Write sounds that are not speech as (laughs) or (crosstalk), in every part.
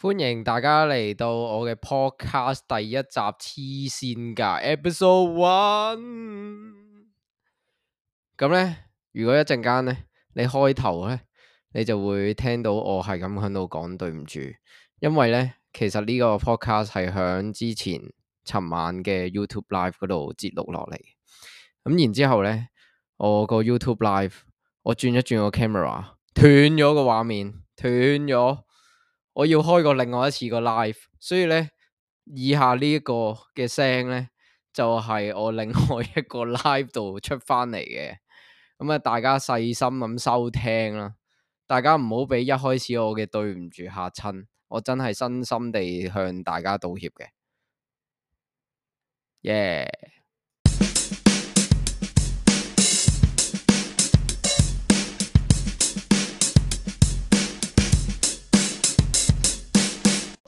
歡迎大家嚟到我嘅 podcast 第一集黐線噶 episode one。咁呢，如果一陣間呢，你開頭呢，你就會聽到我係咁響度講對唔住，因為呢，其實呢個 podcast 係響之前尋晚嘅 YouTube live 嗰度截錄落嚟。咁然之後呢，我個 YouTube live，我轉一轉個 camera，斷咗個畫面，斷咗。我要開個另外一次個 live，所以呢，以下呢一個嘅聲呢，就係、是、我另外一個 live 度出翻嚟嘅。咁啊大家細心咁收聽啦，大家唔好俾一開始我嘅對唔住嚇親，我真係真心地向大家道歉嘅，耶、yeah。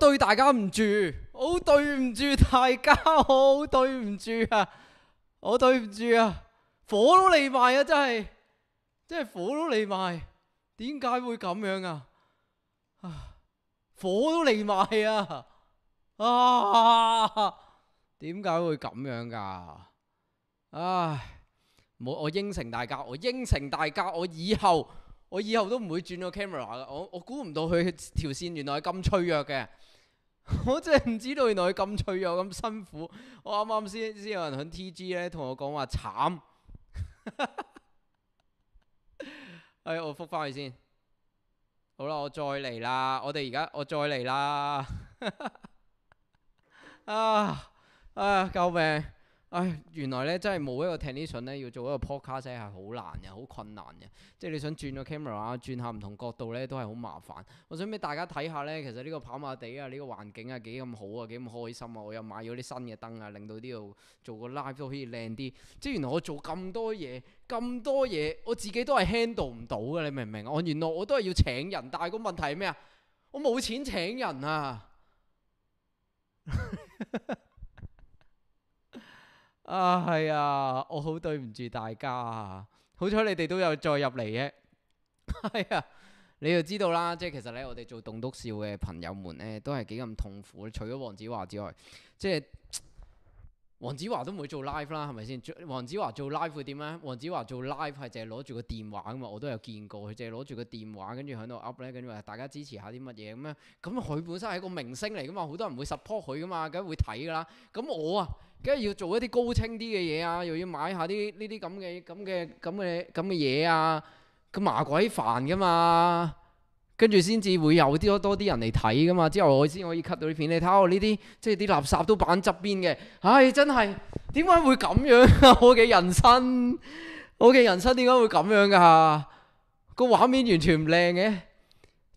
對大家唔住，好對唔住大家，好對唔住啊！我對唔住啊，火都嚟埋啊！真係，真係火都嚟埋，點解會咁樣啊？火都嚟埋啊！啊，點解會咁樣噶、啊？唉，我我應承大家，我應承大家，我以後。我以後都唔會轉個 camera 啦！我我估唔到佢條線原來係咁脆弱嘅，我真係唔知道原來佢咁脆弱咁辛苦。我啱啱先先有人喺 TG 咧同我講話慘， (laughs) (laughs) 哎我覆翻佢先。好啦，我再嚟啦！我哋而家我再嚟啦！ (laughs) 啊啊、哎、救命！唉、哎，原來咧真係冇一個 technician 呢，要做一個 podcast 係好難嘅，好困難嘅。即係你想轉個 camera 啊，轉下唔同角度咧都係好麻煩。我想俾大家睇下咧，其實呢個跑馬地啊，呢、這個環境啊幾咁好啊，幾咁開心啊！我又買咗啲新嘅燈啊，令到呢度做個 live 都可以靚啲。即係原來我做咁多嘢，咁多嘢，我自己都係 handle 唔到嘅，你明唔明啊？我原來我都係要請人，但係個問題係咩啊？我冇錢請人啊！ (laughs) 啊，係啊，我好對唔住大家啊，好彩你哋都有再入嚟嘅，係 (laughs) 啊，你就知道啦，即係其實咧，我哋做棟篤笑嘅朋友們咧，都係幾咁痛苦，除咗黃子華之外，即係。黃子華都唔會做 live 啦，係咪先？做黃子華做 live 會點咧？黃子華做 live 係淨係攞住個電話噶嘛，我都有見過，佢淨係攞住個電話跟住喺度 up 咧，跟住話大家支持下啲乜嘢咁樣。咁佢本身係個明星嚟噶嘛，好多人會 support 佢噶嘛，梗係會睇噶啦。咁我啊，梗係要做一啲高清啲嘅嘢啊，又要買下啲呢啲咁嘅咁嘅咁嘅咁嘅嘢啊，咁麻鬼煩噶嘛～跟住先至會有啲多啲人嚟睇噶嘛，之後我先可以 cut 到啲片。你睇下我呢啲，即係啲垃圾都擺喺側邊嘅。唉、哎，真係點解會咁樣啊？ (laughs) 我嘅人生，我嘅人生點解會咁樣噶？個畫面完全唔靚嘅，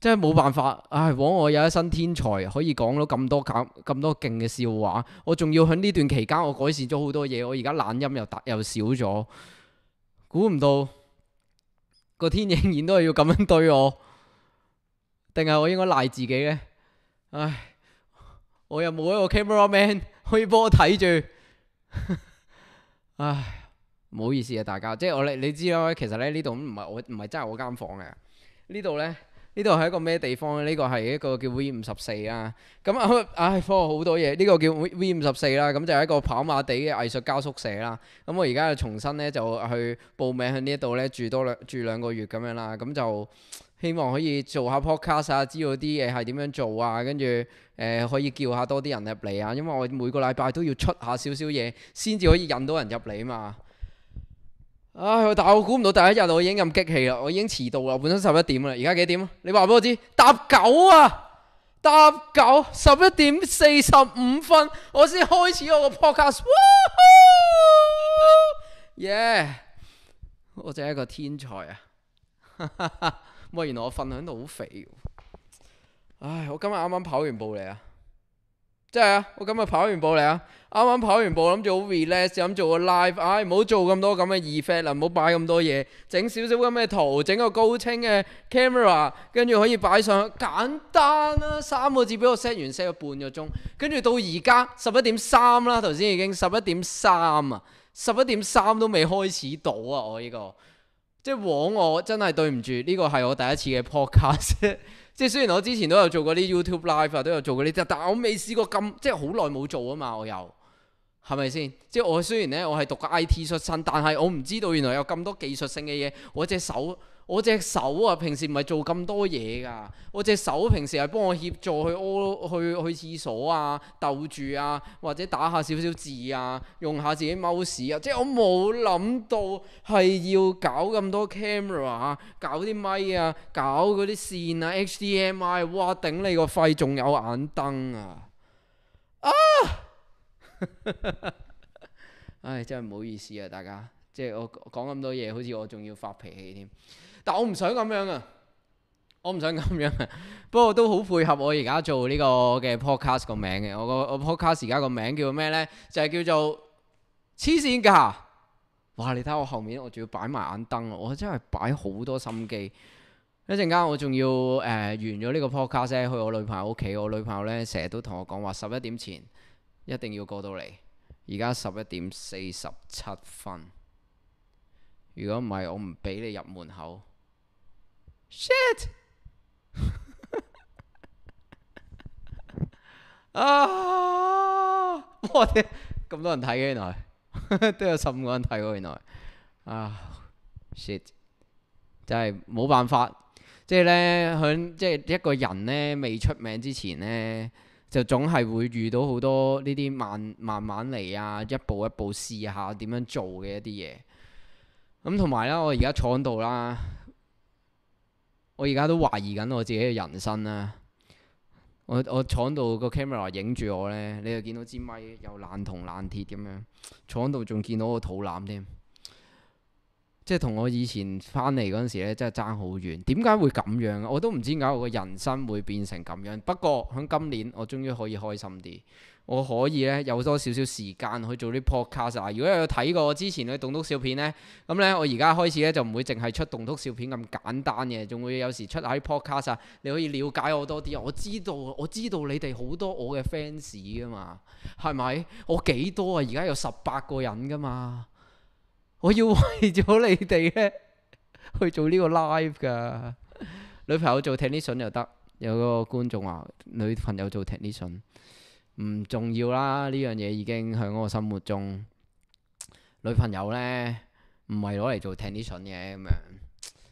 真係冇辦法。唉、哎，枉我有一身天才，可以講到咁多咁咁多勁嘅笑話。我仲要喺呢段期間，我改善咗好多嘢。我而家懶音又又少咗，估唔到個天仍然都係要咁樣對我。定係我應該賴自己呢？唉，我又冇一個 camera man 可以幫我睇住。唉，唔好意思啊，大家，即係我你你知啦，其實咧呢度唔係我唔係真係我間房嘅。呢度呢，呢呢度係一個咩地方咧？呢、呢個係一個叫 V 五十四啦。咁、嗯、啊唉，講好多嘢。呢、呢個叫 V V 五十四啦。咁、嗯、就係、是、一個跑馬地嘅藝術家宿舍啦、啊。咁、嗯、我而家就重新呢，就去報名喺呢度呢，住多兩住兩個月咁樣啦、啊。咁、嗯、就。希望可以做下 podcast 啊，知道啲嘢係點樣做啊，跟住誒可以叫下多啲人入嚟啊，因為我每個禮拜都要出下少少嘢，先至可以引到人入嚟嘛。唉，但我估唔到第一日我已經咁激氣啦，我已經遲到啦，本身十一點啦，而家幾點？你話俾我知，搭九啊，搭九十一點四十五分，我先開始我個 podcast。哇！耶！Yeah! 我真係一個天才啊！ (laughs) 哇！原來我瞓響度好肥，唉！我今日啱啱跑完步嚟啊，真係啊！我今日跑完步嚟啊，啱啱跑完步，諗住好 relax，諗住做個 live，唉、哎，唔好做咁多咁嘅 effect 啦，唔好擺咁多嘢，整少少咁嘅圖，整個高清嘅 camera，跟住可以擺上，簡單啦、啊，三個字俾我 set 完 set 咗半個鐘，跟住到而家十一點三啦，頭先已經十一點三啊，十一點三都未開始到啊，我呢、這個。即係枉我真係對唔住，呢個係我第一次嘅 podcast。 (laughs) 即係雖然我之前都有做過啲 YouTube live 啊，都有做過啲，但係我未試過咁，即係好耐冇做啊嘛。我又係咪先？即係我雖然呢，我係讀個 IT 出身，但係我唔知道原來有咁多技術性嘅嘢，我隻手。我隻手啊，平時唔係做咁多嘢噶。我隻手平時係幫我協助去屙、去去廁所啊、竇住啊，或者打下少少字啊，用下自己 mouse 啊。即係我冇諗到係要搞咁多 camera 啊，搞啲咪啊，搞嗰啲線啊，HDMI。哇！頂你個肺，仲有眼燈啊！啊！ (laughs) 唉，真係唔好意思啊，大家。即係我講咁多嘢，好似我仲要發脾氣添。但我唔想咁樣啊！我唔想咁樣啊。 (laughs) 不過都好配合我而家做呢個嘅 podcast 個名嘅。我個我 podcast 而家個名叫咩呢？就係、是、叫做黐線㗎！哇！你睇我後面，我仲要擺埋眼燈啊！我真係擺好多心機。一陣間我仲要誒、呃、完咗呢個 podcast 啫，去我女朋友屋企。我女朋友呢，成日都同我講話，十一點前一定要過到嚟。而家十一點四十七分。如果唔係，我唔俾你入門口。Shit！ (laughs) 啊！我天，咁多人睇嘅原來，都 (laughs) 有十五個人睇喎原來。啊！Shit！真係冇辦法即，即係呢，響，即係一個人呢，未出名之前呢，就總係會遇到好多呢啲慢，慢慢慢嚟啊，一步一步試下點樣做嘅一啲嘢。咁同埋咧，我而家坐喺度啦，我而家都懷疑緊我自己嘅人生啦。我我坐喺度個 camera 影住我咧，你又見到支咪又爛銅爛鐵咁樣，坐喺度仲見到個肚腩添。即係同我以前翻嚟嗰陣時咧，真係爭好遠。點解會咁樣啊？我都唔知點解我個人生會變成咁樣。不過喺今年，我終於可以開心啲。我可以咧有多少少，少時間去做啲 podcast。嗱，如果有睇過我之前嘅棟篤笑片呢，咁呢，我而家開始咧就唔會淨係出棟篤笑片咁簡單嘅，仲會有時出下啲 podcast。你可以了解我多啲啊！我知道我知道你哋好多我嘅 fans 㗎嘛，係咪？我幾多啊？而家有十八個人㗎嘛。我要為咗你哋咧去做呢個 live 㗎， (laughs) 女朋友做 technician 又得，有個觀眾話女朋友做 technician 唔重要啦，呢樣嘢已經喺我心目中，女朋友呢唔係攞嚟做 technician 嘅咁樣，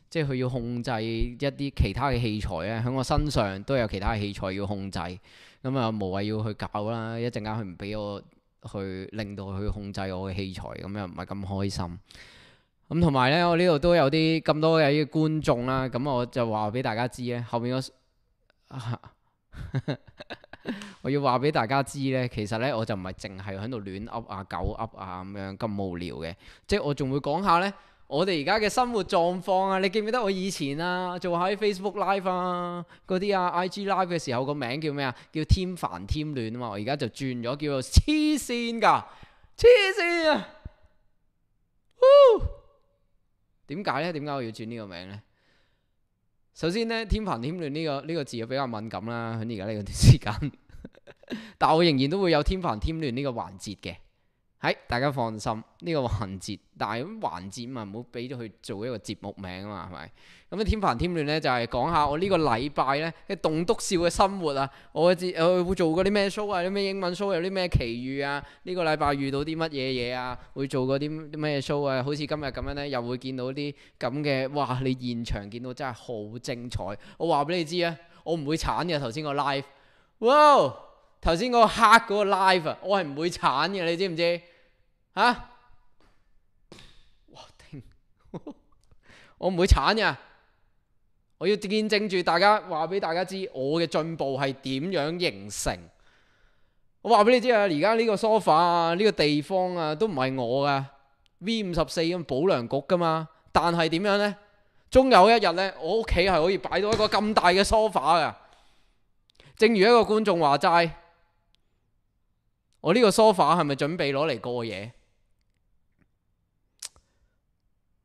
即係佢要控制一啲其他嘅器材咧，喺我身上都有其他嘅器材要控制，咁啊無謂要去搞啦，一陣間佢唔俾我。去令到佢控制我嘅器材，咁又唔係咁開心。咁同埋呢，我呢度都有啲咁多嘅觀眾啦、啊。咁我就話俾大家知呢，後面我、啊、 (laughs) 我要話俾大家知呢，其實呢，我就唔係淨係喺度亂噏啊、狗噏啊咁樣咁無聊嘅，即係我仲會講下呢。我哋而家嘅生活狀況啊，你記唔記得我以前啊做喺 Facebook Live 啊嗰啲啊 IG Live 嘅時候個名叫咩啊？叫添煩添亂啊嘛，我而家就轉咗，叫做黐線㗎，黐線啊！哦！點解呢？點解我要轉呢個名呢？首先呢，添凡添亂這個「添煩添亂呢個呢個字比較敏感啦。喺而家呢個段時間， (laughs) 但我仍然都會有添煩添亂呢個環節嘅。係、哎，大家放心，呢、這個環節，但係咁環節嘛，唔好俾咗佢做一個節目名啊嘛，係咪？咁咧添煩添亂咧，就係講下我個禮呢個禮拜咧嘅棟篤笑嘅生活啊，我嘅會做嗰啲咩 show 啊，啲咩英文 show，有啲咩奇遇啊？呢、這個禮拜遇到啲乜嘢嘢啊？會做嗰啲啲咩 show 啊？好似今日咁樣咧，又會見到啲咁嘅，哇！你現場見到真係好精彩。我話俾你知啊，我唔會鏟嘅頭先個 live。哇！頭先嗰個黑嗰個 live 啊，我係唔會鏟嘅，你知唔知？吓！啊、 (laughs) 我唔會鏟嘅，我要見證住大家，話俾大家知我嘅進步係點樣形成。我話俾你知啊，而家呢個 sofa 啊，呢、呢個地方啊，都唔係我噶 V 五十四咁保良局噶嘛。但係點樣呢？終有一日呢，我屋企係可以擺到一個咁大嘅 sofa 嘅。正如一個觀眾話齋，我呢個 sofa 係咪準備攞嚟過夜？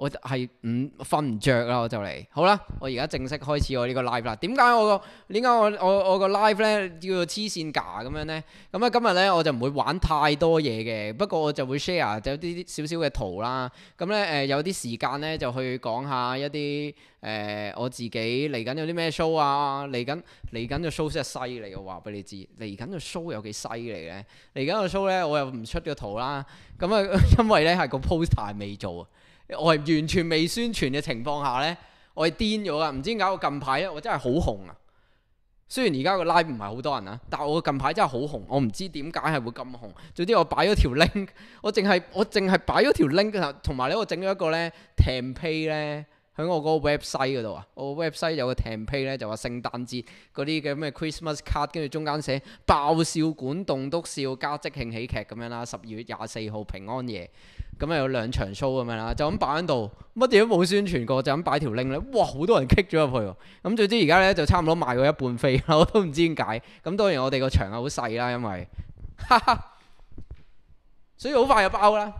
我係唔瞓唔着啦，我就嚟好啦。我而家正式開始我，個我，我，我，我呢個 live 啦。點解我個點解我我我個 live 咧叫做黐線架咁樣咧？咁啊，今日咧我就唔會玩太多嘢嘅，不過我就會 share 有啲少少嘅圖啦。咁咧誒，有啲時間咧就去講下一啲誒、呃、我自己嚟緊有啲咩 show 啊，嚟緊嚟緊嘅 show 真係犀利啊！話俾你知，嚟緊嘅 show 有幾犀利咧？嚟緊嘅 show 咧我又唔出個圖啦。咁啊，因為咧係個 poster 未做。我係完全未宣傳嘅情況下呢，我係癲咗噶。唔知點解我近排因為我真係好紅啊。雖然而家個 live 唔係好多人啊，但係我近排真係好紅。我唔知點解係會咁紅。總之我擺咗條 link，我淨係我淨係擺咗條 link 嘅，同埋呢，呢我整咗一個咧 template 呢，喺我嗰個 website 嗰度啊。我 website 有個 template 呢，就話聖誕節嗰啲嘅咩 Christmas card，跟住中間寫爆笑管棟篤笑加即興喜劇咁樣啦。十二月廿四號平安夜。咁啊有兩場 show 咁樣啦，就咁擺喺度，乜嘢都冇宣傳過，就咁擺條 link 咧，哇好多人棘咗入去喎，咁總之而家咧就差唔多賣過一半飛啦，我都唔知點解，咁當然我哋個場啊好細啦，因為，哈哈，所以好快就包啦。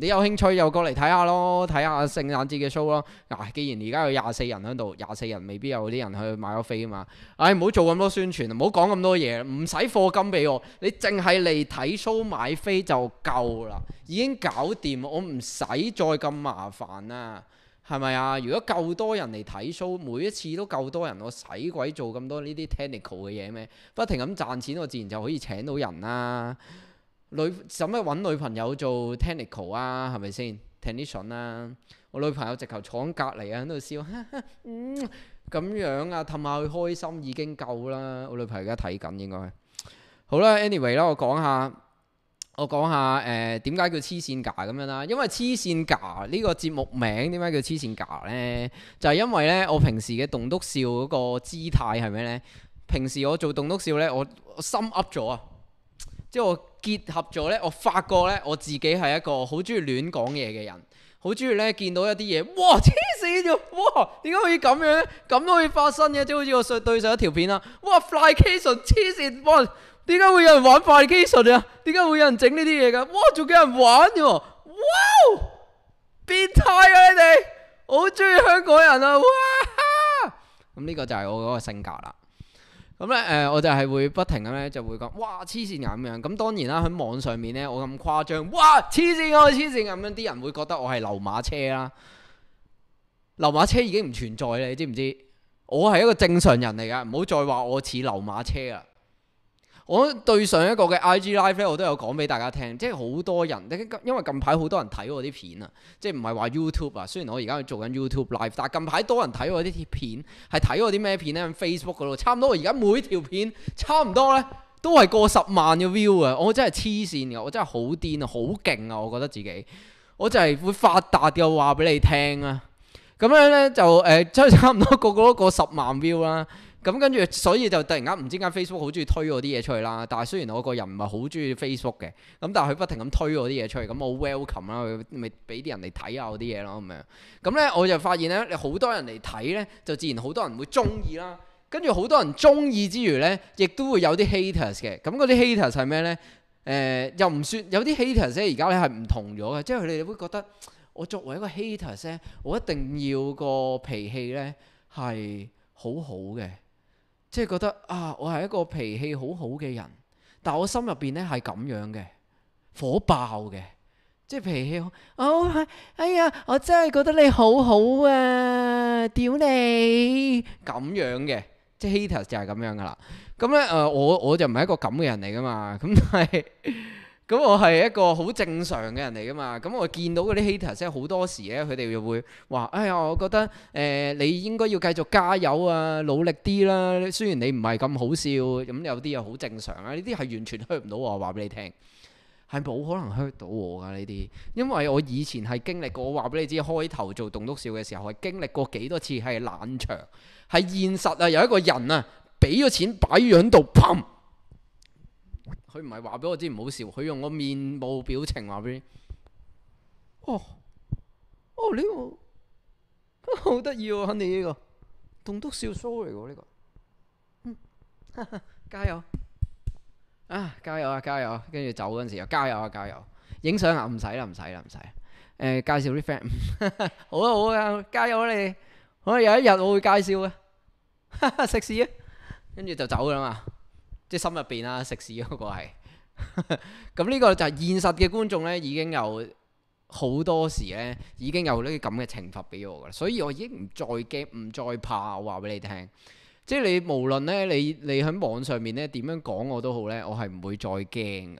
你有興趣又過嚟睇下咯，睇下聖誕節嘅 show 咯。嗱、啊，既然而家有廿四人喺度，廿四人未必有啲人去買咗飛啊嘛。唉、哎，唔好做咁多宣傳，唔好講咁多嘢，唔使課金俾我，你淨係嚟睇 show 買飛就夠啦，已經搞掂，我唔使再咁麻煩啊，係咪啊？如果夠多人嚟睇 show，每一次都夠多人，我使鬼做咁多呢啲 technical 嘅嘢咩？不停咁賺錢，我自然就可以請到人啦。女使咩搵女朋友做 technical 啊，係咪先 technician 啊？我女朋友直頭坐喺隔籬啊，喺度笑，嗯，咁樣啊，氹下佢開心已經夠啦。我女朋友而家睇緊，應該好啦。Anyway 啦，我講下，我講下誒點解叫痴線架咁樣啦？因為痴線架呢個節目名點解叫痴線架咧？就係因為咧，我平時嘅棟篤笑嗰個姿態係咩咧？平時我做棟篤笑咧，我我心噏咗啊，即係我。結合咗咧，我發覺咧我自己係一個好中意亂講嘢嘅人，好中意咧見到一啲嘢，哇黐線喎，哇點解可以咁樣咧？咁都可以發生嘅，即係好似我上對上一條片啦，哇 Flycation 黐線喎，點解會有人玩 Flycation 啊？點解會有人整呢啲嘢㗎？哇，仲叫人玩嘅喎，哇變態啊你哋！我好中意香港人啊，哇哈！咁呢個就係我嗰個性格啦。咁咧，誒、嗯、我就係會不停咁咧，就會講哇黐線啊咁樣。咁當然啦，喺網上面咧，我咁誇張，哇黐線啊，黐線啊，咁樣啲人會覺得我係流馬車啦。流馬車已經唔存在啦，你知唔知？我係一個正常人嚟噶，唔好再話我似流馬車啦。我對上一個嘅 I G live 咧，我都有講俾大家聽，即係好多人，因為近排好多人睇我啲片啊，即係唔係話 YouTube 啊？雖然我而家做緊 YouTube live，但係近排多人睇我啲片，係睇我啲咩片咧？Facebook 嗰度差唔多，我而家每條片差唔多呢，都係過十萬嘅 view 啊！我真係黐線嘅，我真係好癲啊，好勁啊！我覺得自己我就係會發達嘅話俾你聽啊。咁樣呢，就誒，即、呃、係差唔多個個都過十萬 view 啦。咁跟住，所以就突然間唔知間 Facebook 好中意推，推我啲嘢出去啦。但係雖然我個人唔係好中意 Facebook 嘅，咁但係佢不停咁推，推我啲嘢出去，咁我 welcome 啦，咪俾啲人嚟睇下我啲嘢咯，咁樣。咁咧我就發現咧，你好多人嚟睇咧，就自然好多人會中意啦。跟住好多人中意之餘咧，亦都會有啲 haters 嘅。咁嗰啲 haters 係咩咧？誒、呃，又唔算有啲 haters 咧，而家咧係唔同咗嘅，即係佢哋會覺得我作為一個 hater 咧，我一定要個脾氣咧係好好嘅。即係覺得啊，我係一個脾氣好好嘅人，但係我心入邊咧係咁樣嘅，火爆嘅，即係脾氣好，啊，哎呀，我真係覺得你好好啊，屌你咁樣嘅，即係 hater 就係咁樣噶啦。咁咧誒，我我就唔係一個咁嘅人嚟噶嘛，咁但係。咁、嗯、我係一個好正常嘅人嚟噶嘛？咁、嗯、我見到嗰啲 haters 好多時咧，佢哋又會話：哎呀，我覺得誒、呃，你應該要繼續加油啊，努力啲啦、啊。雖然你唔係咁好笑，咁、嗯、有啲又好正常啊。呢啲係完全 hurt 唔到我，話俾你聽，係冇可能 hurt 到我㗎呢啲，因為我以前係經歷過。我話俾你知，開頭做棟篤笑嘅時候係經歷過幾多次係冷場，係現實啊，有一個人啊，俾咗錢擺咗喺度，砰！佢唔係話俾我知唔好笑，佢用個面部表情話俾你。哦，哦呢個好得意喎，肯定呢個棟篤笑 show 嚟嘅喎呢個。加油！啊，加油啊加油！跟住走嗰陣時又加油啊加油！影相啊，唔使啦，唔使啦，唔使。誒，介紹啲 friend，好啊好啊加油你！我有一日我會介紹呀。食屎！跟住就走㗎啦嘛。即係心入邊啦，食屎嗰個係。咁呢個就係現實嘅觀眾呢，已經有好多時呢，已經有呢啲咁嘅懲罰俾我㗎喇，所以我已經唔再驚，唔再怕，我話俾你聽。即係你無論呢，你你喺網上面呢，點樣講我都好呢，我係唔會再驚㗎。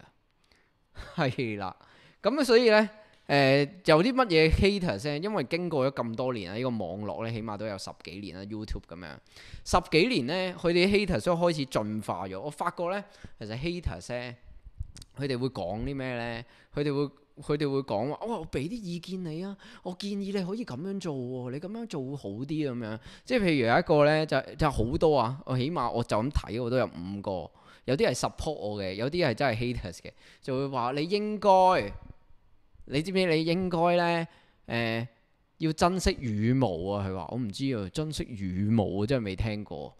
係 (laughs) 啦，咁所以呢。誒、呃、有啲乜嘢 haters 咧？因為經過咗咁多年啦，呢、呢個網絡咧，起碼都有十幾年啦，YouTube 咁樣十幾年咧，佢哋 haters 都開始進化咗。我發覺咧，其實 haters 咧，佢哋會講啲咩咧？佢哋會佢哋會講話，哇、哦！我俾啲意見你啊，我建議你可以咁樣做，你咁樣做會好啲咁樣。即係譬如有一個咧，就就好多啊！我起碼我就咁睇，我都有五個。有啲係 support 我嘅，有啲係真係 haters 嘅，就會話你應該。你知唔知你應該呢誒、呃、要珍惜羽毛啊？佢話我唔知啊，珍惜羽毛真係未聽過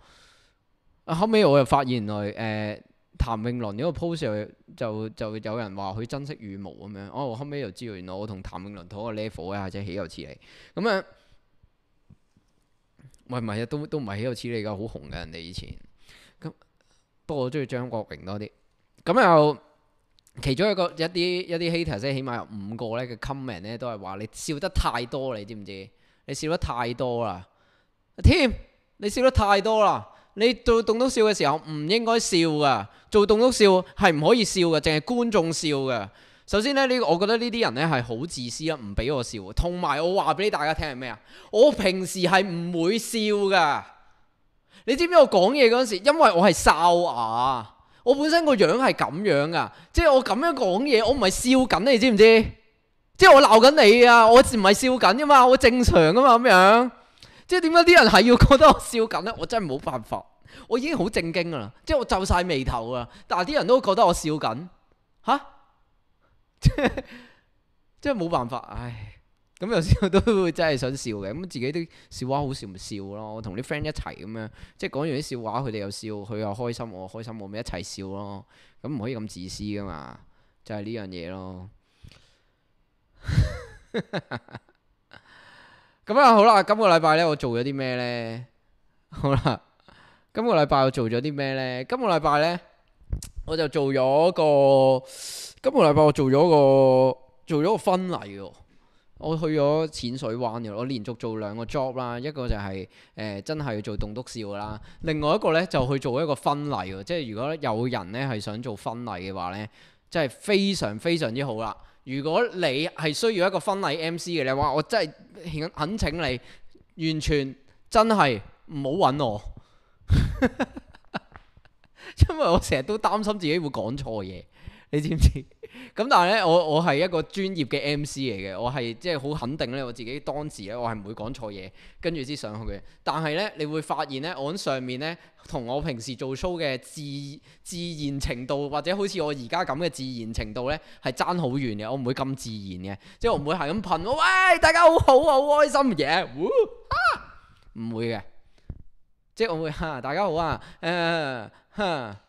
啊！後尾我又發現原來誒、呃、譚詠麟嗰個 post 就就有人話佢珍惜羽毛咁樣哦！後尾又知道原來我同譚詠麟同一個 level 啊，真係豈有此理咁啊！唔係唔係啊，都都唔係豈有此理㗎，好紅嘅人哋以前咁，不過我中意張國榮多啲咁又。其中一個一啲一啲 hater 即起碼有五個咧嘅 comment 咧，都係話你笑得太多。你知唔知？你笑得太多啦，添！你笑得太多啦，你做棟篤笑嘅時候唔應該笑噶，做棟篤笑係唔可以笑嘅，淨係觀眾笑嘅。首先呢，呢個我覺得呢啲人呢係好自私啊，唔俾我笑。同埋我話俾大家聽係咩啊？我平時係唔會笑噶，你知唔知？我講嘢嗰陣時，因為我係哨牙。我本身個樣係咁樣噶，即係我咁樣講嘢，我唔係笑緊你知唔知？即係我鬧緊你啊！我唔係笑緊噶嘛，我正常噶嘛咁樣。即係點解啲人係要覺得我笑緊呢？我真係冇辦法，我已經好正經噶啦，即係我皺晒眉頭啊！但係啲人都覺得我笑緊，吓、啊， (laughs) 即係即係冇辦法，唉。咁有時我都真係想笑嘅，咁自己啲笑話好笑咪笑咯。我同啲 friend 一齊咁樣，即係講完啲笑話，佢哋又笑，佢又開心，我開心，我咪一齊笑咯。咁唔可以咁自私㗎嘛，就係呢樣嘢咯。咁 (laughs) 啊好啦，今個禮拜呢，我做咗啲咩呢？好啦，今個禮拜我做咗啲咩呢？今個禮拜呢，我就做咗個今個禮拜我做咗個做咗個婚禮喎、哦。我去咗淺水灣嘅，我連續做兩個 job 啦，一個就係、是、誒、呃、真係做棟篤笑啦，另外一個呢就去做一個婚禮喎，即係如果有人呢係想做婚禮嘅話呢，即係非常非常之好啦。如果你係需要一個婚禮 MC 嘅你話，我真係懇請你，完全真係唔好揾我， (laughs) 因為我成日都擔心自己會講錯嘢。你知唔知？咁 (laughs) 但係咧，我我係一個專業嘅 MC 嚟嘅，我係即係好肯定咧，我自己當時咧，我係唔會講錯嘢，跟住先上去嘅。但係咧，你會發現咧，我喺上面咧同我平時做 show 嘅自自然程度，或者好似我而家咁嘅自然程度咧，係爭好遠嘅。我唔會咁自然嘅，即係我唔會係咁噴。喂，大家好好好開心嘅嘢，yeah、啊、唔會嘅，即係我會，吓大家好啊，誒、呃，吓。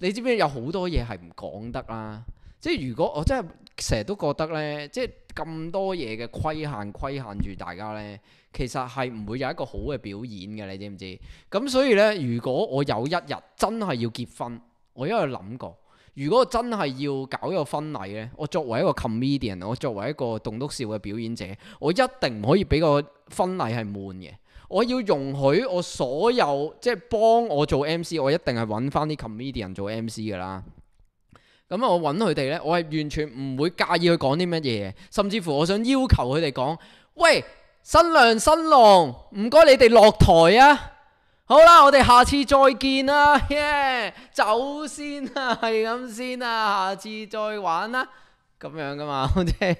你知唔知有好多嘢係唔講得啦？即係如果我真係成日都覺得呢，即係咁多嘢嘅規限規限住大家呢，其實係唔會有一個好嘅表演嘅，你知唔知？咁所以呢，如果我有一日真係要結婚，我一直諗過，如果真係要搞一個婚禮呢，我作為一個 comedian，我作為一個棟篤笑嘅表演者，我一定唔可以俾個婚禮係悶嘅。我要容許我所有即係幫我做 M C，我一定係揾翻啲 comedian 做 M C 噶啦。咁啊，我揾佢哋呢，我係完全唔會介意佢講啲乜嘢，甚至乎我想要求佢哋講：喂，新娘新郎，唔該你哋落台啊！好啦，我哋下次再見啦，耶、yeah, 啊，走先啦，係咁先啦，下次再玩啦。咁樣㗎嘛， (laughs) 即係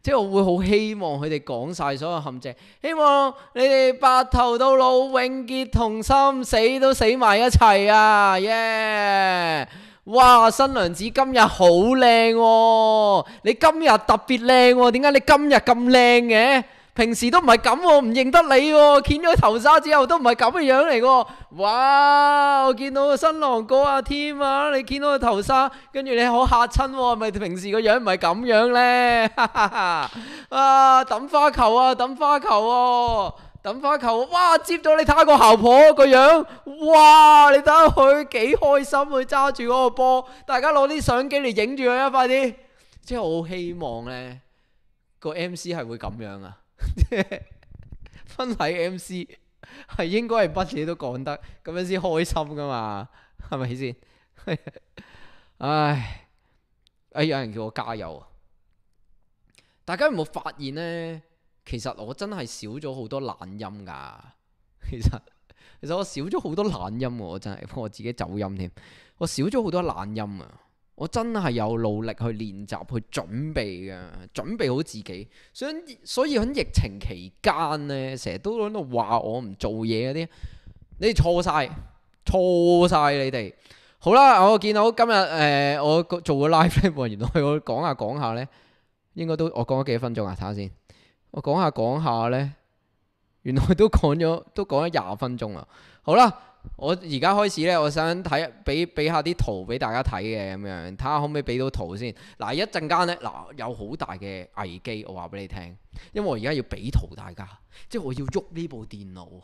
即係我會好希望佢哋講晒所有陷阱，希望你哋白頭到老，永結同心，死都死埋一齊啊！耶、yeah!！哇，新娘子今日好靚喎，你今日特別靚喎，點解你今日咁靚嘅？平時都唔係咁喎，唔認得你喎，見咗頭紗之後都唔係咁嘅樣嚟喎。哇！我見到個新郎哥啊，添啊，你見到個頭紗，跟住你好嚇親喎，係咪平時個樣唔係咁樣咧？啊！抌花球啊，抌花球哦，抌花球！哇！接咗你睇下個姣婆個樣，哇！你睇下佢幾開心去揸住嗰個波，大家攞啲相機嚟影住佢啊！快啲！即係我好希望咧，個 MC 係會咁樣啊！ (laughs) 婚禮 MC 係應該係乜嘢都講得咁樣先開心噶嘛係咪先？是是 (laughs) 唉、哎，有人叫我加油啊！大家有冇發現呢？其實我真係少咗好多懶音噶。其實其實我少咗好多懶音，我真係，我自己走音添，我少咗好多懶音啊！我真係有努力去練習去準備嘅，準備好自己。所以所以喺疫情期間呢，成日都喺度話我唔做嘢嗰啲，你錯晒，錯晒你哋。好啦，我見到今日誒、呃，我做個 live 咧，原來我講下講下呢，應該都我講咗幾多分鐘啊？睇下先，我講下講下呢，原來都講咗都講咗廿分鐘啦。好啦。我而家開始呢，我想睇俾俾下啲圖俾大家睇嘅咁樣，睇下可唔可以俾到圖先。嗱一陣間呢，嗱有好大嘅危機，我話俾你聽，因為我而家要俾圖大家，即係我要喐呢部電腦，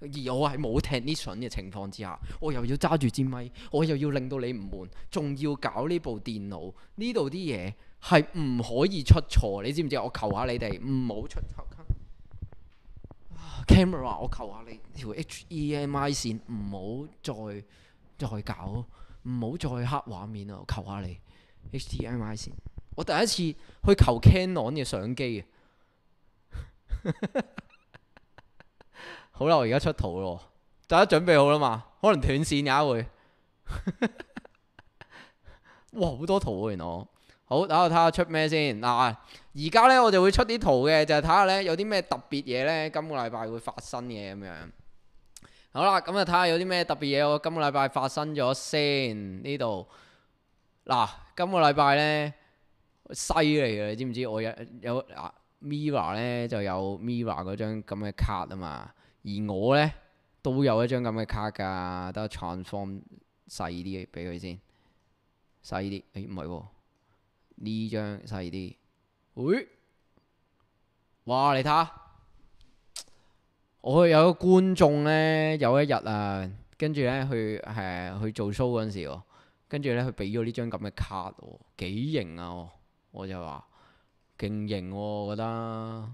而我係冇 technician 嘅情況之下，我又要揸住支咪，我又要令到你唔悶，仲要搞呢部電腦，呢度啲嘢係唔可以出錯，你知唔知？我求下你哋唔好出錯。Camera，我求下你條 HDMI 線，唔好再再搞，唔好再黑畫面啊！我求下你 HDMI 線。我第一次去求 Canon 嘅相機啊。 (laughs) 好啦，我而家出圖咯，大家準備好啦嘛？可能斷線㗎會。 (laughs) 哇，好多圖喎，原來、啊。好，等我睇下出咩先嗱。而、啊、家呢，我就會出啲圖嘅，就係睇下呢，有啲咩特別嘢呢？今個禮拜會發生嘅咁樣。好啦，咁啊睇下有啲咩特別嘢我今個禮拜發生咗先呢度。嗱、啊，今個禮拜呢，犀利啦，你知唔知？我有有嗱，MIRROR 呢就有 MIRROR 嗰張咁嘅卡啊嘛。而我呢，都有一張咁嘅卡噶，等我 transform 細啲嘅俾佢先，細啲。誒、欸，唔係喎。呢張細啲，喂、哎，哇！你睇下，我有個觀眾呢，有一日啊，跟住呢，去誒、呃、去做 show 嗰陣時，跟住呢，佢俾咗呢張咁嘅卡，幾型啊！我就話勁型，我覺得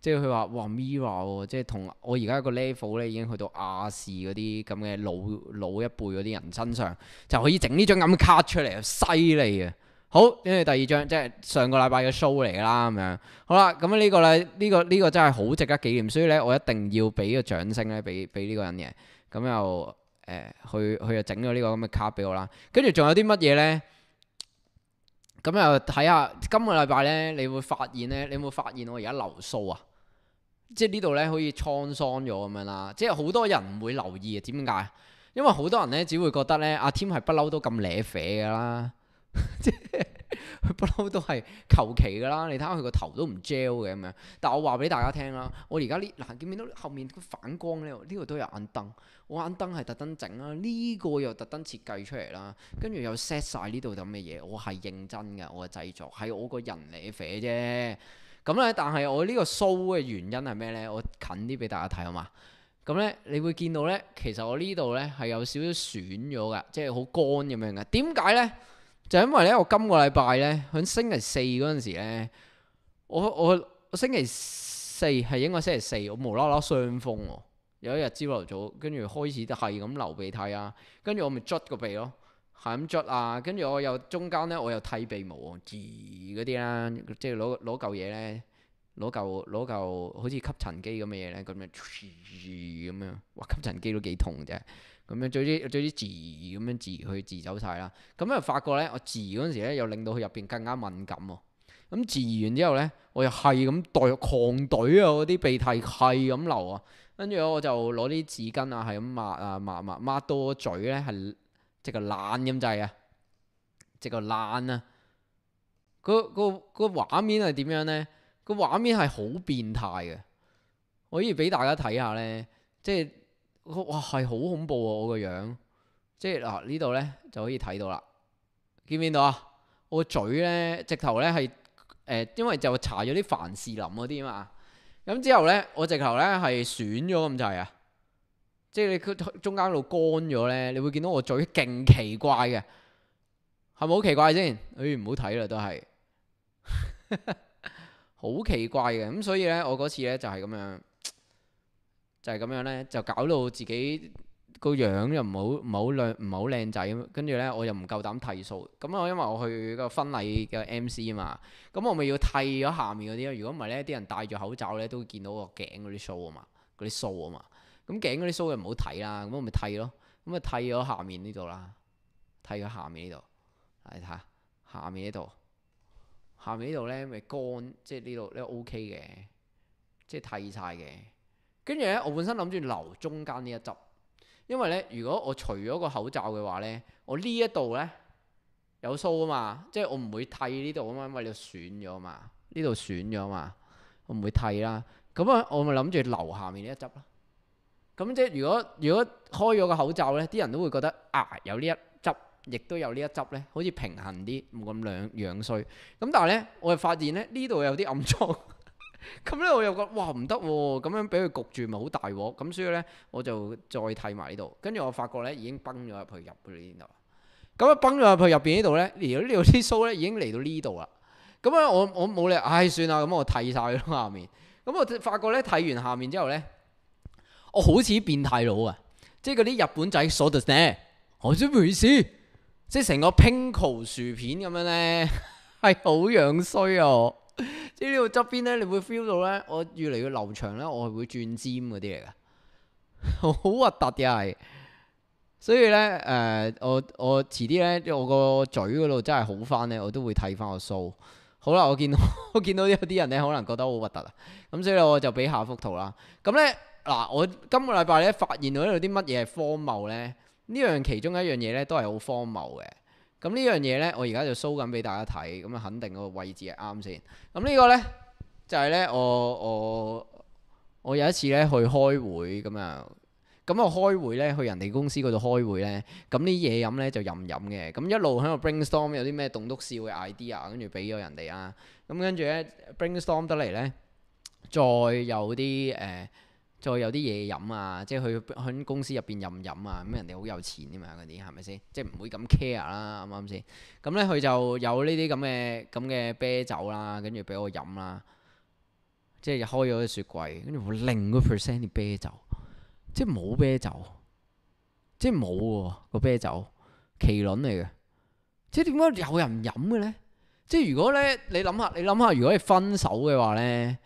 即係佢話哇 MIRROR、啊、即係同我而家個 level 呢，已經去到亞視嗰啲咁嘅老老一輩嗰啲人身上就可以整呢張咁嘅卡出嚟，犀利啊！好，跟住第二張，即係上個禮拜嘅 show 嚟㗎啦，咁樣。好啦，咁呢個咧，呢個呢、這個這個真係好值得紀念，所以咧我一定要俾個掌聲咧，俾俾呢個人嘅。咁又誒，佢、呃、佢、這個、又整咗呢個咁嘅卡俾我啦。跟住仲有啲乜嘢咧？咁又睇下今個禮拜咧，你會發現咧，你會發現我而家留鬚啊，即係呢度咧好似滄桑咗咁樣啦。即係好多人唔會留意，點解？因為好多人咧只會覺得咧，阿 Tim 係不嬲都咁 𠺘 啡嘅啦。即不嬲都係求其噶啦，你睇下佢個頭都唔 gel 嘅咁樣。但我話俾大家聽啦，我而家呢，嗱，見唔見到後面反光呢度，呢度都有眼燈，我眼燈係特登整啦，呢、這個又特登設計出嚟啦，跟住又 set 晒呢度咁嘅嘢。我係認真嘅，我嘅製作係我個人嚟嘅啫。咁咧，但係我呢個 show 嘅原因係咩呢？我近啲俾大家睇啊嘛。咁呢，你會見到呢，其實我呢度、就是、呢，係有少少損咗噶，即係好乾咁樣噶。點解呢？就因為咧，我今個禮拜咧，喺星期四嗰陣時咧，我我，我星期四係應該星期四，我無啦啦傷風喎、哦。有一日朝頭早，跟住開始都係咁流鼻涕啊，跟住我咪捽個鼻咯，係咁捽啊，跟住我又中間咧，我又剃鼻毛，嗞嗰啲啦，即係攞攞嚿嘢咧，攞嚿攞嚿好似吸塵機咁嘅嘢咧，咁樣咁樣，哇！吸塵機都幾痛嘅。咁樣最啲最啲治，咁、啊、樣治，去治走晒啦，咁咧發覺咧我治嗰陣時咧又令到佢入邊更加敏感喎。咁治完之後咧，我又係咁隊狂隊啊！嗰啲鼻涕係咁流啊，跟住我就攞啲紙巾啊，係咁抹啊，抹抹抹多嘴咧，係即個爛咁滯啊，即個爛啊！個個個畫面係點樣咧？個畫面係好變態嘅。我可以俾大家睇下咧，即係。就係哇，係好恐怖啊！我個樣，即係嗱、啊、呢度咧就可以睇到啦。見唔見到啊？我嘴咧直頭咧係誒，因為就搽咗啲凡士林嗰啲啊嘛。咁之後咧，我直頭咧係損咗咁滯啊！即係你佢中間度乾咗咧，你會見到我嘴勁奇怪嘅，係咪好奇怪先？誒，唔好睇啦，都係好 (laughs) 奇怪嘅。咁所以咧，我嗰次咧就係咁樣。就係咁樣咧，就搞到自己個樣又唔好，唔好靚，唔係好靚仔，跟住咧我又唔夠膽剃鬚。咁我因為我去個婚禮嘅 MC 啊嘛，咁我咪要剃咗下面嗰啲咯。如果唔係咧，啲人戴住口罩咧都會見到個頸嗰啲鬚啊嘛，嗰啲鬚啊嘛。咁頸嗰啲鬚又唔好睇啦，咁我咪剃咯。咁咪剃咗下面呢度啦，剃咗下面呢度。嚟睇下下面呢度，下面呢度咧咪乾，即係呢度咧 OK 嘅，即係剃晒嘅。跟住咧，我本身諗住留中間呢一執，因為咧，如果我除咗個口罩嘅話咧，我呢一度咧有鬚啊嘛，即係我唔會剃呢度啊嘛，因為你損咗嘛，呢度損咗嘛，我唔會剃啦。咁啊，我咪諗住留下面呢一執啦。咁即係如果如果開咗個口罩咧，啲人都會覺得啊，有呢一執，亦都有呢一執咧，好似平衡啲，冇咁兩樣衰。咁但係咧，我哋發現咧，呢度有啲暗瘡。咁咧，我又覺得哇唔得，咁樣俾佢焗住咪好大鑊。咁所以咧，我就再剃埋呢度。跟住我發覺咧，已經崩咗入去入面呢度。咁一崩咗入去入邊呢度咧，而嗰呢度啲鬚咧已經嚟到呢度啦。咁啊，我我冇理，唉、哎，算啦，咁我剃晒咯下面。咁我發覺咧，剃完下面之後咧，我好似變態佬啊，即係嗰啲日本仔 shortest 我知咩意思，即係成個 pinko 薯片咁樣咧，係好樣衰啊，我。即係呢度側邊咧，你會 feel 到咧，我越嚟越流長咧，我係會轉尖嗰啲嚟嘅，好核突嘅係。所以咧，誒、呃，我我遲啲咧，我個嘴嗰度真係好翻咧，我都會睇翻個數。好啦，我見到我見到有啲人咧，可能覺得好核突啊。咁所以我就俾下幅圖啦。咁咧嗱，我今個禮拜咧發現到呢度啲乜嘢係荒謬咧？呢樣其中一樣嘢咧，都係好荒謬嘅。咁呢樣嘢呢，我而家就 show 緊俾大家睇，咁啊肯定個位置係啱先？咁呢個呢，就係呢，我我我有一次呢去開會，咁啊，咁我開會呢，去人哋公司嗰度開會呢，咁啲嘢飲呢就任飲嘅，咁一路喺度 brainstorm 有啲咩棟篤笑嘅 idea，跟住俾咗人哋啊，咁跟住呢 brainstorm 得嚟呢，再有啲誒。呃再有啲嘢飲啊，即係去喺公司入邊任飲啊，咁人哋好有錢㗎嘛，嗰啲係咪先？即係唔會咁 care 啦，啱唔啱先？咁呢，佢就有呢啲咁嘅咁嘅啤酒啦，跟住俾我飲啦，即係開咗啲雪櫃，跟住零個 percent 啲啤酒，即係冇啤酒，即係冇喎個啤酒，麒麟嚟嘅，即係點解有人飲嘅呢？即係如果咧你諗下，你諗下，如果你分手嘅話呢。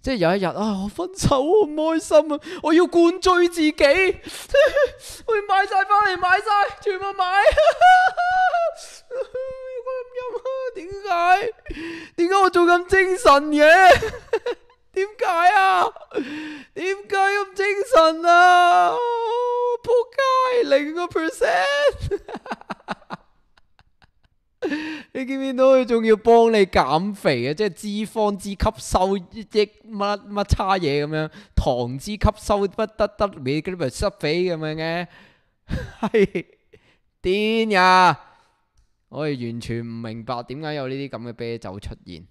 即係有一日啊，我分手，我好唔開心啊，我要灌醉自己，我 (laughs) 要買晒翻嚟，買晒，全部買，點 (laughs) 解？點解我做咁精神嘅？點 (laughs) 解啊？點解咁精神啊？扑、oh, 街，零個 percent。 (laughs) 你見唔見到佢仲要幫你減肥啊？即係脂肪之吸收，即乜乜叉嘢咁樣，糖之吸收不得得尾，跟住咪失肥咁樣嘅，係癲呀！我哋完全唔明白點解有呢啲咁嘅啤酒出現，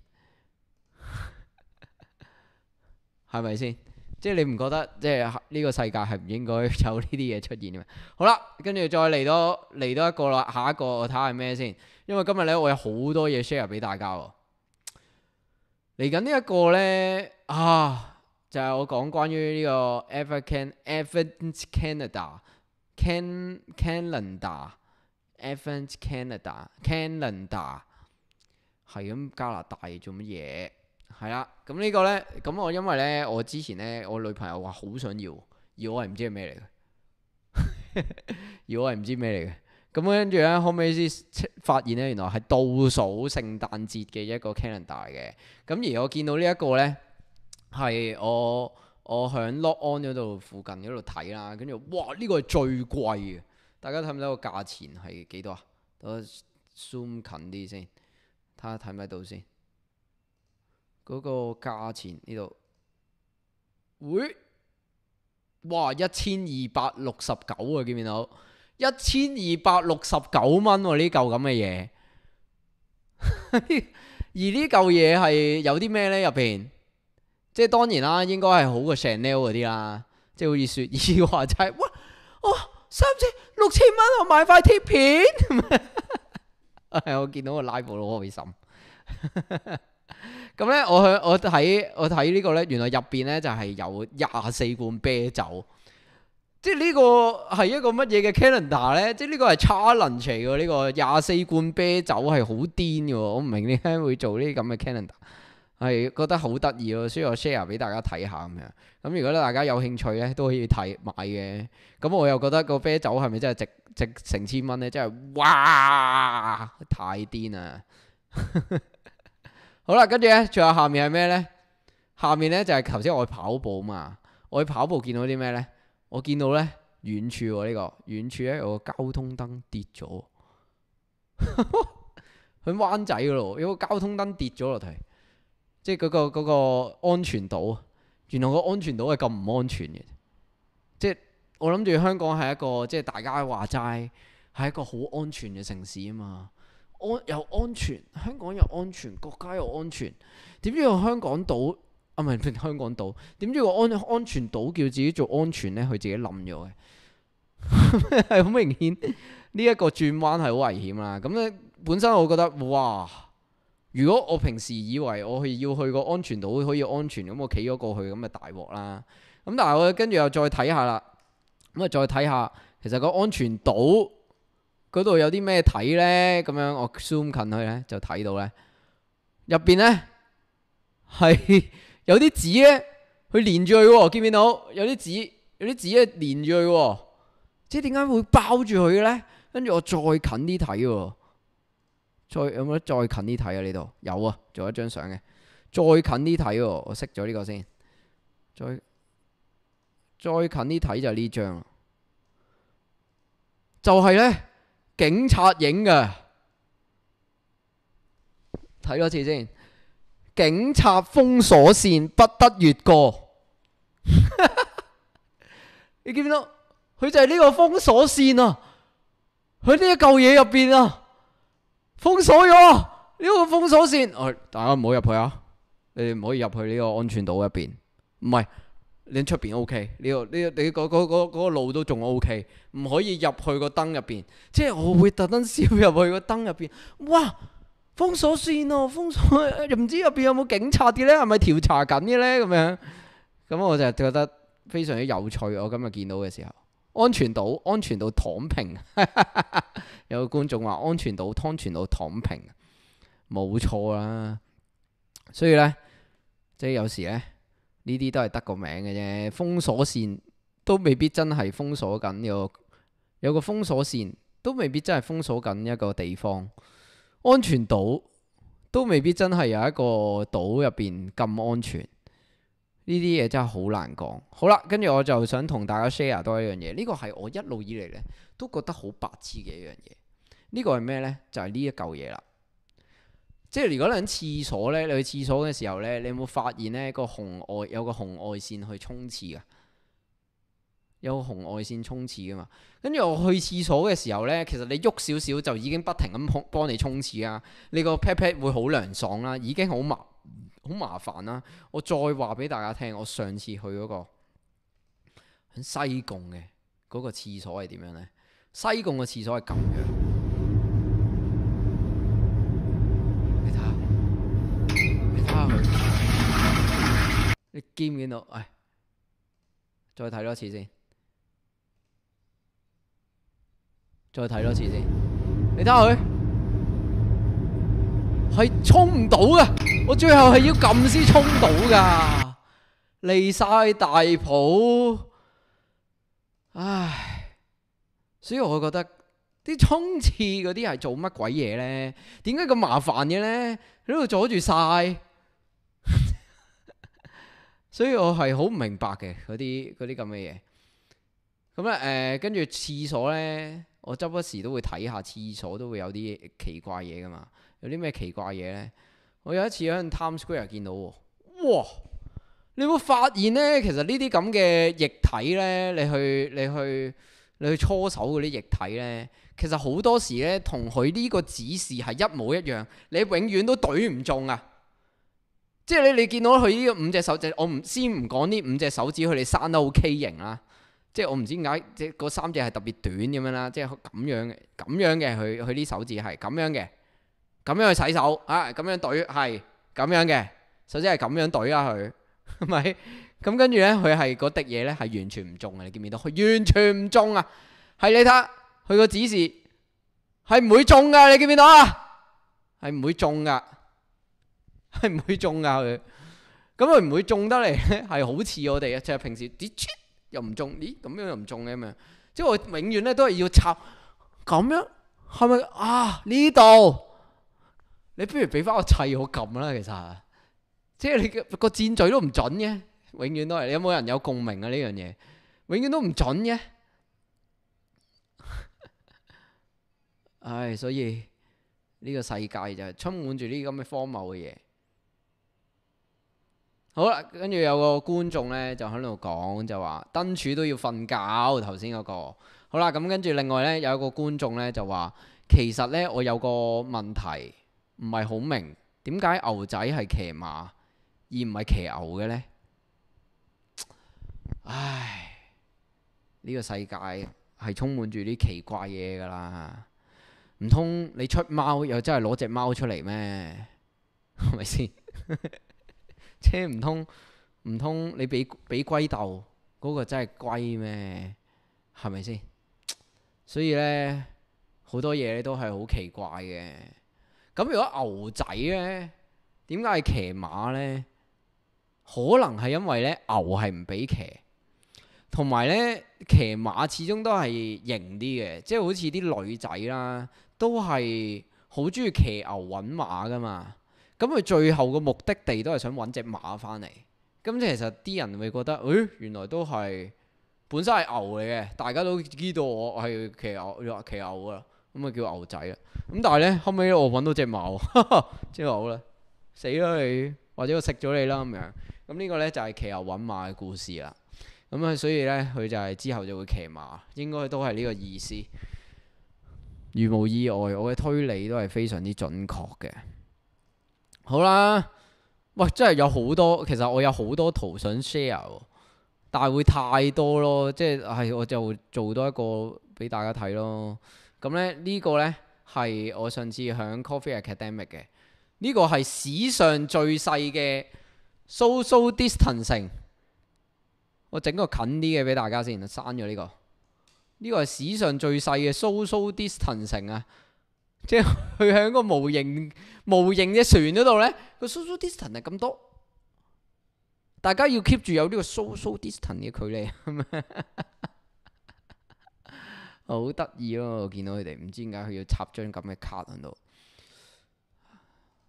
係咪先？即係你唔覺得，即係呢個世界係唔應該有呢啲嘢出現嘅咩？好啦，跟住再嚟多嚟多一個啦，下一個我睇下係咩先。因為今日咧，我有好多嘢 share 俾大家喎。嚟緊呢一個咧啊，就係、是、我講關於呢個 African，African Canada，Can Canada，African Canada，Canada。係咁，加拿大做乜嘢？係啦，咁呢個咧，咁我因為咧，我之前咧，我女朋友話好想要，而我係唔知係咩嚟嘅， (laughs) 而我係唔知咩嚟嘅。咁跟住咧，後尾先發現呢，原來係倒數聖誕節嘅一個 calendar 嘅。咁而我見到呢一個呢，係我我響 log on 嗰度附近嗰度睇啦。跟住，哇！呢、這個係最貴嘅。大家睇唔睇個價錢係幾多啊？等我 zoom 近啲先，睇下睇唔睇到先。嗰、那個價錢呢度，會、哎，哇！一千二百六十九啊，見唔見到？一千二百六十九蚊喎呢嚿咁嘅嘢，啊、 (laughs) 而呢嚿嘢係有啲咩呢？入邊，即係當然啦，應該係好過 Chanel 嗰啲啦，即係好似雪姨話就係、是、哇，哇、哦、三千六千蚊我買塊貼片、 (laughs) (laughs) 啊，我見到個 live 好開心。咁 (laughs) 呢，我去我睇我睇呢個咧，原來入邊呢，就係有廿四罐啤酒。即係呢個係一個乜嘢嘅 calendar 咧？即係呢個係 challenge 喎，呢個廿四罐啤酒係好癲嘅喎，我唔明點解會做呢啲咁嘅 calendar，係覺得好得意咯，所以我 share 俾大家睇下咁樣。咁如果大家有興趣咧，都可以睇買嘅。咁我又覺得個啤酒係咪真係值值成千蚊咧？真係哇，太癲啦！ (laughs) 好啦，跟住咧，仲有下面係咩咧？下面咧就係頭先我去跑步嘛，我去跑步見到啲咩咧？我見到呢，遠處喎、呢個，呢個遠處呢， (laughs) 有個交通燈跌咗，喺灣仔嗰度有個交通燈跌咗落去，即係嗰、嗰個嗰個安全島。原來個安全島係咁唔安全嘅，即係我諗住香港係一個即係大家話齋係一個好安全嘅城市啊嘛，安又安全，香港又安全，國家又安全，點知個香港島？唔係、啊、香港島，點知個安安全島叫自己做安全呢？佢自己冧咗嘅，係好明顯。呢一個轉彎係好危險啦。咁咧，本身我覺得哇，如果我平時以為我去要去個安全島可以安全，咁我企咗過去，咁咪大鑊啦。咁但係我跟住又再睇下啦，咁啊再睇下，其實個安全島嗰度有啲咩睇呢？咁樣我 zoom 近去呢，就睇到呢入邊呢係。有啲紙呢，佢連住去，哦，見唔見到？有啲紙，有啲紙呢連住去，哦，即係點解會包住佢嘅呢？跟住我再近啲睇，哦，再有冇得再近啲睇啊？呢度有啊，仲有一張相嘅，再近啲睇，哦，我熄咗呢個先，再再近啲睇就係呢張，就係、是、呢，警察影嘅，睇多次先。警察封鎖線不得越過， (laughs) 你見唔到？佢就係呢個封鎖線啊！佢呢一嚿嘢入邊啊，封鎖咗呢、呢個封鎖線。哎、大家唔好入去啊！你唔可以入去呢個安全島入邊。唔係，你出邊 O K。呢、嗰個呢你、嗰個嗰個路都仲 O K，唔可以入去個燈入邊。即係我會特登燒入去個燈入邊。哇！封鎖線啊，封鎖又唔知入邊有冇警察啲咧，係咪調查緊嘅咧？咁樣咁我就覺得非常之有趣。我今日見到嘅時候，安全島安全到躺平，有個觀眾話安全島湯泉島躺平，冇 (laughs) 錯啦。所以呢，即係有時呢，呢啲都係得個名嘅啫。封鎖線都未必真係封鎖緊，有個有個封鎖線都未必真係封鎖緊一個地方。安全島都未必真係有一個島入邊咁安全，呢啲嘢真係好難講。好啦，跟住我就想同大家 share 多一樣嘢。呢個係我一路以嚟呢都覺得好白痴嘅一樣嘢。呢個係咩呢？就係呢一嚿嘢啦。即係如果你喺廁所呢，你去廁所嘅時候呢，你有冇發現呢個紅外有個紅外線去衝刺㗎？有紅外線沖廁嘅嘛？跟住我去廁所嘅時候呢，其實你喐少少就已經不停咁幫你沖廁啊！你個 pat pat 會好涼爽啦、啊，已經好麻好麻煩啦、啊。我再話俾大家聽，我上次去嗰、那個喺西貢嘅嗰個廁所係點樣呢？西貢嘅廁所係咁樣，你睇下，你睇下佢，你見唔見到？唉，再睇多次先。再睇多次先，你睇下佢係沖唔到噶，我最後係要撳先沖到噶，離晒大譜，唉，所以我覺得啲沖廁嗰啲係做乜鬼嘢咧？點解咁麻煩嘅咧？喺度阻住晒，所以我係好唔明白嘅嗰啲嗰啲咁嘅嘢。咁咧誒，跟住廁所咧。我周不時都會睇下廁所，都會有啲奇怪嘢㗎嘛。有啲咩奇怪嘢呢？我有一次喺 Times Square 見到，哇！你會發現呢，其實呢啲咁嘅液體呢，你去你去你去搓手嗰啲液體呢，其實好多時呢，同佢呢個指示係一模一樣。你永遠都對唔中啊！即係你你見到佢呢五隻手，手指，我唔先唔講呢五隻手指，佢哋生得好畸形啦。即係我唔知點解，即係嗰三隻係特別短咁樣啦，即係咁樣咁樣嘅佢佢啲手指係咁樣嘅，咁樣去洗手啊，咁樣對係咁樣嘅，首先係咁樣對啊佢，係咪？咁跟住咧，佢係嗰滴嘢咧係完全唔中呀，你見唔見到？佢完全唔中啊！係你睇佢個指示係唔會中㗎，你見唔見到啊？係唔會中㗎，係唔會中㗎佢。咁佢唔會中得嚟咧，係好似我哋呀即係平時。又唔中，咦？咁樣又唔中嘅咁樣？即係我永遠咧都係要插咁樣，係咪啊？呢度你不如俾翻個掣我撳啦，其實，即係你個個箭嘴都唔準嘅，永遠都係。你有冇人有共鳴啊？呢樣嘢永遠都唔準嘅，唉，所以呢個世界就充滿住呢啲咁嘅荒謬嘅嘢。好啦，跟住有個觀眾呢，就喺度講就話燈柱都要瞓覺。頭先嗰個好啦，咁跟住另外呢，有一個觀眾呢，就話其實呢，我有個問題唔係好明點解牛仔係騎馬而唔係騎牛嘅呢。唉，呢個世界係充滿住啲奇怪嘢㗎啦。唔通你出貓又真係攞隻貓出嚟咩？係咪先？ (laughs) 即唔通，唔通你俾俾龜鬥嗰個真係龜咩？係咪先？所以呢，好多嘢都係好奇怪嘅。咁如果牛仔呢，點解係騎馬呢？可能係因為呢，牛係唔俾騎，同埋呢，騎馬始終都係型啲嘅，即係好似啲女仔啦，都係好中意騎牛揾馬噶嘛。咁佢最後個目的地都係想揾隻馬翻嚟，咁其實啲人會覺得，誒、欸、原來都係本身係牛嚟嘅，大家都知道我係騎牛，你騎牛噶啦，咁咪叫牛仔啊。咁但係呢，後尾我揾到隻馬牛，即係話咧死啦你，或者我食咗你啦咁樣。咁呢個呢就係騎牛揾馬嘅故事啦。咁啊，所以呢，佢就係、是、之後就會騎馬，應該都係呢個意思。如無意外，我嘅推理都係非常之準確嘅。好啦，喂，真係有好多，其實我有好多圖想 share，但係會太多咯，即係係、哎、我就做多一個俾大家睇咯。咁咧呢、這個呢，係我上次喺 Coffee Academy 嘅，呢、這個係史上最細嘅 social distancing。我整個近啲嘅俾大家先，刪咗呢個。呢、這個係史上最細嘅 social distancing 啊！即係佢喺個模型模型嘅船嗰度呢，個 so so distance 係咁多，大家要 keep 住有呢個 so so distance 嘅距離，嗯、 (laughs) 好得意咯！我見到佢哋，唔知點解佢要插張咁嘅卡喺度，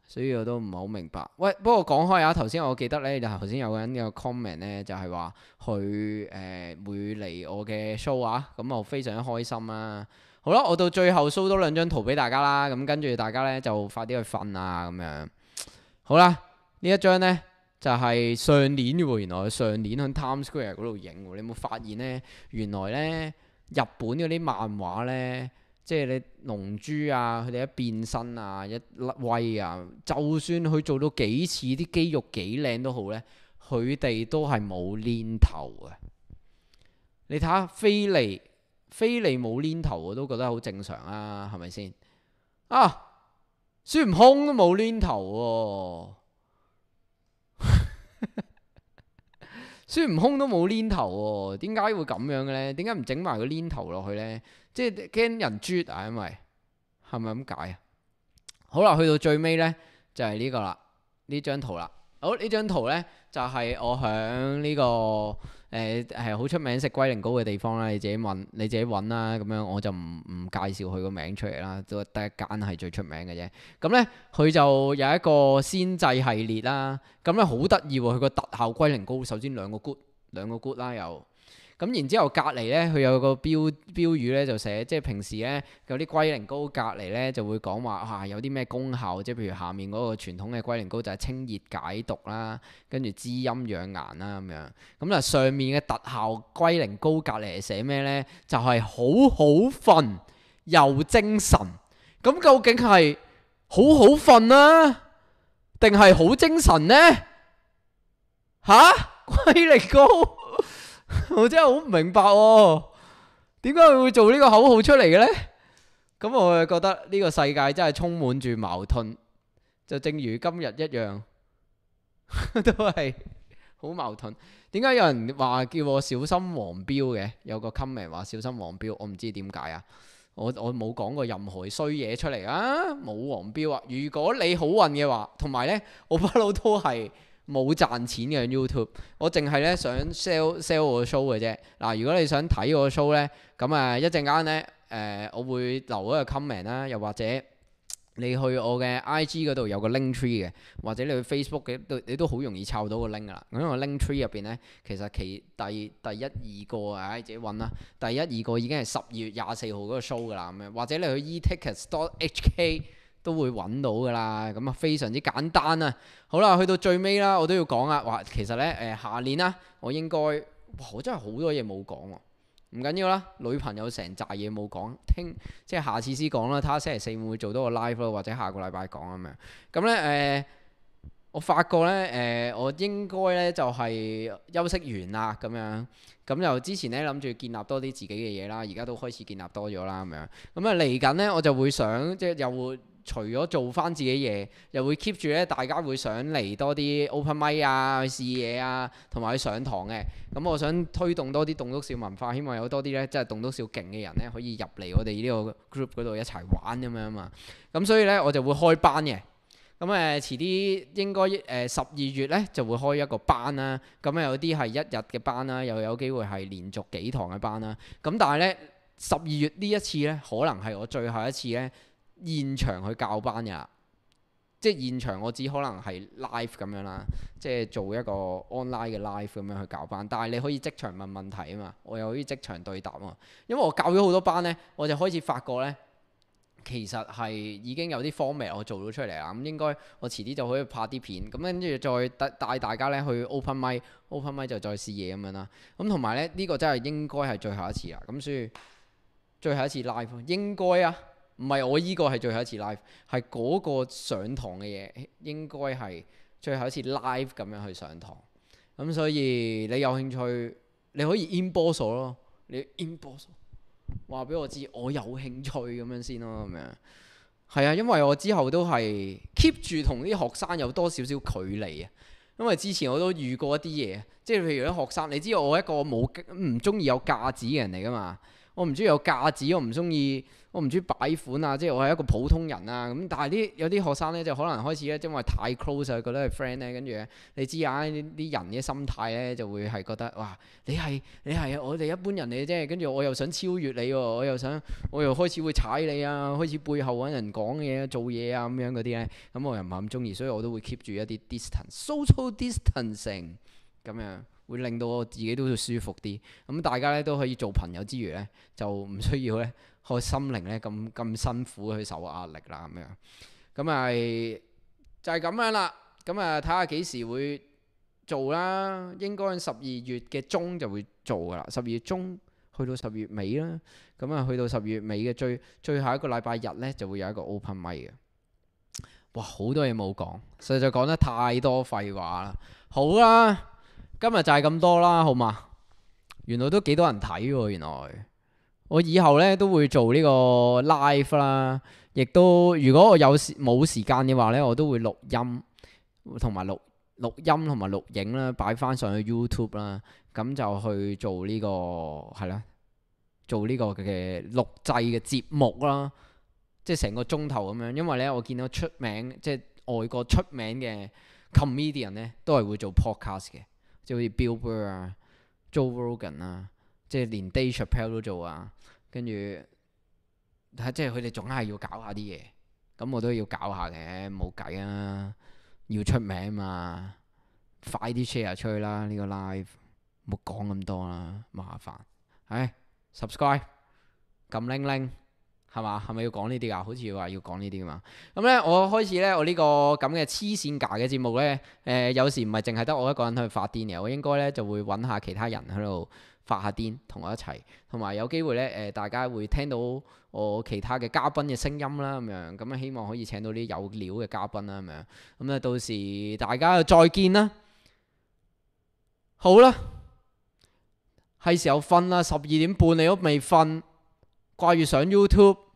所以我都唔係好明白。喂，不過講開啊，頭先我記得呢，就頭先有個人嘅 comment 呢，就係話佢誒會嚟我嘅 show 啊，咁我非常開心啊。好啦，我到最後 show 多兩張圖俾大家啦，咁跟住大家呢，就快啲去瞓啊咁樣。好啦，呢一張呢，就係、是、上年嘅喎，原來上年喺 Times Square 嗰度影。你有冇發現呢？原來呢，日本嗰啲漫畫呢，即係你龍珠啊，佢哋一變身啊，一威啊，就算佢做到幾次啲肌肉幾靚都好呢，佢哋都係冇練頭嘅。你睇下菲利。非，你冇粘頭我都覺得好正常啊，係咪先？啊，孫悟空都冇粘頭喎、啊，孫 (laughs) 悟空都冇粘頭喎、啊，點解會咁樣嘅咧？點解唔整埋個粘頭落去咧？即係驚人豬啊，因為係咪咁解啊？好啦，去到最尾咧就係、是、呢個啦，呢張圖啦。好呢張圖咧就係、是、我響呢、這個。誒，係好出名食龜苓膏嘅地方啦，你自己問，你自己揾啦，咁樣我就唔唔介紹佢個名出嚟啦，都得一間係最出名嘅啫。咁呢，佢就有一個先制系列啦，咁呢，好得意喎，佢個特效龜苓膏，首先兩個 good 兩個 good 啦又。咁然之後隔離呢，佢有個標標語呢，就寫即係平時呢，有啲龜苓膏隔離呢，就會講話哇有啲咩功效，即係譬如下面嗰個傳統嘅龜苓膏就係清熱解毒啦，跟住滋陰養顏啦咁樣。咁、嗯、嗱上面嘅特效龜苓膏隔離係寫咩呢？就係、是、好好瞓又精神。咁究竟係好好瞓啊，定係好精神呢？吓，龜苓膏？ (laughs) 我真係好唔明白喎，點解佢會做呢個口號出嚟嘅呢？咁我就覺得呢個世界真係充滿住矛盾，就正如今日一樣， (laughs) 都係好矛盾。點解有人話叫我小心黃標嘅？有個 comment 話小心黃標，我唔知點解啊！我我冇講過任何衰嘢出嚟啊，冇黃標啊！如果你好運嘅話，同埋呢，我不嬲都係。冇賺錢嘅 YouTube，我淨係咧想 sell sell 我個 show 嘅啫。嗱，如果你想睇我個 show 咧，咁啊一陣間咧誒，我會留一個 comment 啦，又或者你去我嘅 IG 度有個 link tree 嘅，或者你去 Facebook 嘅都你都好容易抄到個 link 噶啦。因為 link tree 入邊咧，其實其第第一二個啊、哎，自己揾啦。第一二個已經係十二月廿四號嗰個 show 噶啦，咁樣，或者你去 Etickets HK。都會揾到噶啦，咁啊非常之簡單啊！好啦，去到最尾啦，我都要講啊！哇，其實呢，誒、呃，下年啦，我應該哇，我真係好多嘢冇講喎，唔緊要啦，女朋友成扎嘢冇講，聽即係下次先講啦。睇下星期四會唔會做多個 live 咯，或者下個禮拜講咁樣。咁、嗯、呢，誒、呃，我發覺呢，誒、呃，我應該呢就係、是、休息完啦咁樣。咁又之前呢諗住建立多啲自己嘅嘢啦，而家都開始建立多咗啦咁樣。咁啊嚟緊呢，我就會想即係又會。除咗做翻自己嘢，又會 keep 住咧，大家會想嚟多啲 open mic 啊，去試嘢啊，同埋去上堂嘅。咁、嗯、我想推動多啲棟篤笑文化，希望有多啲咧，即係棟篤笑勁嘅人咧，可以入嚟我哋呢個 group 嗰度一齊玩咁樣嘛。咁、嗯、所以咧，我就會開班嘅。咁、嗯、誒，遲啲應該誒十二月咧就會開一個班啦。咁、嗯、啊，有啲係一日嘅班啦，又有機會係連續幾堂嘅班啦。咁、嗯、但係咧，十二月呢一次咧，可能係我最後一次咧。現場去教班呀，即係現場我只可能係 live 咁樣啦，即係做一個 online 嘅 live 咁樣去教班，但係你可以即場問問題啊嘛，我有啲即場對答啊，因為我教咗好多班呢，我就開始發覺呢，其實係已經有啲 format 我做咗出嚟啦，咁應該我遲啲就可以拍啲片，咁跟住再帶大家呢去 open mic, open mic 就再試嘢咁樣啦，咁同埋呢，呢、呢個真係應該係最後一次啦，咁所以最後一次 live 應該啊。唔係，我依個係最後一次 live，係嗰個上堂嘅嘢應該係最後一次 live 咁樣去上堂。咁所以你有興趣，你可以 inbox 咯，你 inbox 話俾我知，我有興趣咁樣先咯，咁樣。係啊，因為我之後都係 keep 住同啲學生有多少少距離啊，因為之前我都遇過一啲嘢，即係譬如啲學生，你知道我一個冇唔鍾意有架子嘅人嚟㗎嘛。我唔中意有架子，我唔中意，我唔中意擺款啊！即係我係一個普通人啊！咁但係啲有啲學生呢，就可能開始呢，因為太 close 啊，覺得係 friend 呢。跟住呢，你知啊，啲人嘅心態呢，就會係覺得哇，你係你係我哋一般人嚟嘅啫，跟住我又想超越你喎，我又想我又開始會踩你啊，開始背後揾人講嘢、做嘢啊咁樣嗰啲呢。咁我又唔係咁中意，所以我都會 keep 住一啲 distance，social distancing 咁樣。會令到我自己都會舒服啲，咁、嗯、大家咧都可以做朋友之餘咧，就唔需要咧，去心靈咧咁咁辛苦去受壓力啦咁樣。咁、嗯、啊、嗯，就係、是、咁樣啦。咁、嗯、啊，睇下幾時會做啦？應該十二月嘅中就會做噶啦。十二月中去到十月尾啦。咁、嗯、啊，去到十月尾嘅最最後一個禮拜日咧，就會有一個 open mic 嘅。哇！好多嘢冇講，實在講得太多廢話啦。好啦～今日就係咁多啦，好嘛？原來都幾多人睇喎。原來我以後咧都會做呢個 live 啦，亦都如果我有，有時冇時間嘅話咧，我都會錄音同埋錄錄音同埋錄影啦，擺翻上去 YouTube 啦，咁就去做呢、這個係啦，做呢個嘅錄製嘅節目啦，即係成個鐘頭咁樣。因為咧，我見到出名即係外國出名嘅 comedian 咧，都係會做 podcast 嘅。R, an，即係好似 Bill Burr 啊、Joe Rogan 啊，即係連 Dave Chappelle 都做啊，跟住睇即係佢哋總係要搞一下啲嘢，咁我都要搞下嘅冇計啊，要出名啊嘛，快啲 share 出去啦呢、這個 live，冇講咁多啦，麻煩，唉，subscribe，撳鈴鈴。係嘛？係咪要講呢啲啊？好似話要講呢啲嘛？咁咧，我開始咧，我、這個、呢個咁嘅黐線架嘅節目咧，誒、呃，有時唔係淨係得我一個人去發癲嘅，我應該咧就會揾下其他人喺度發下癲，同我一齊。同埋有機會咧，誒、呃，大家會聽到我其他嘅嘉賓嘅聲音啦，咁樣咁啊，希望可以請到啲有料嘅嘉賓啦，咁樣咁啊，到時大家再見啦。好啦，係時候瞓啦，十二點半你都未瞓，掛住上 YouTube。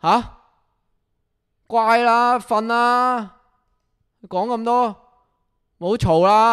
吓、啊！乖啦，瞓啦，講咁多，冇嘈啦。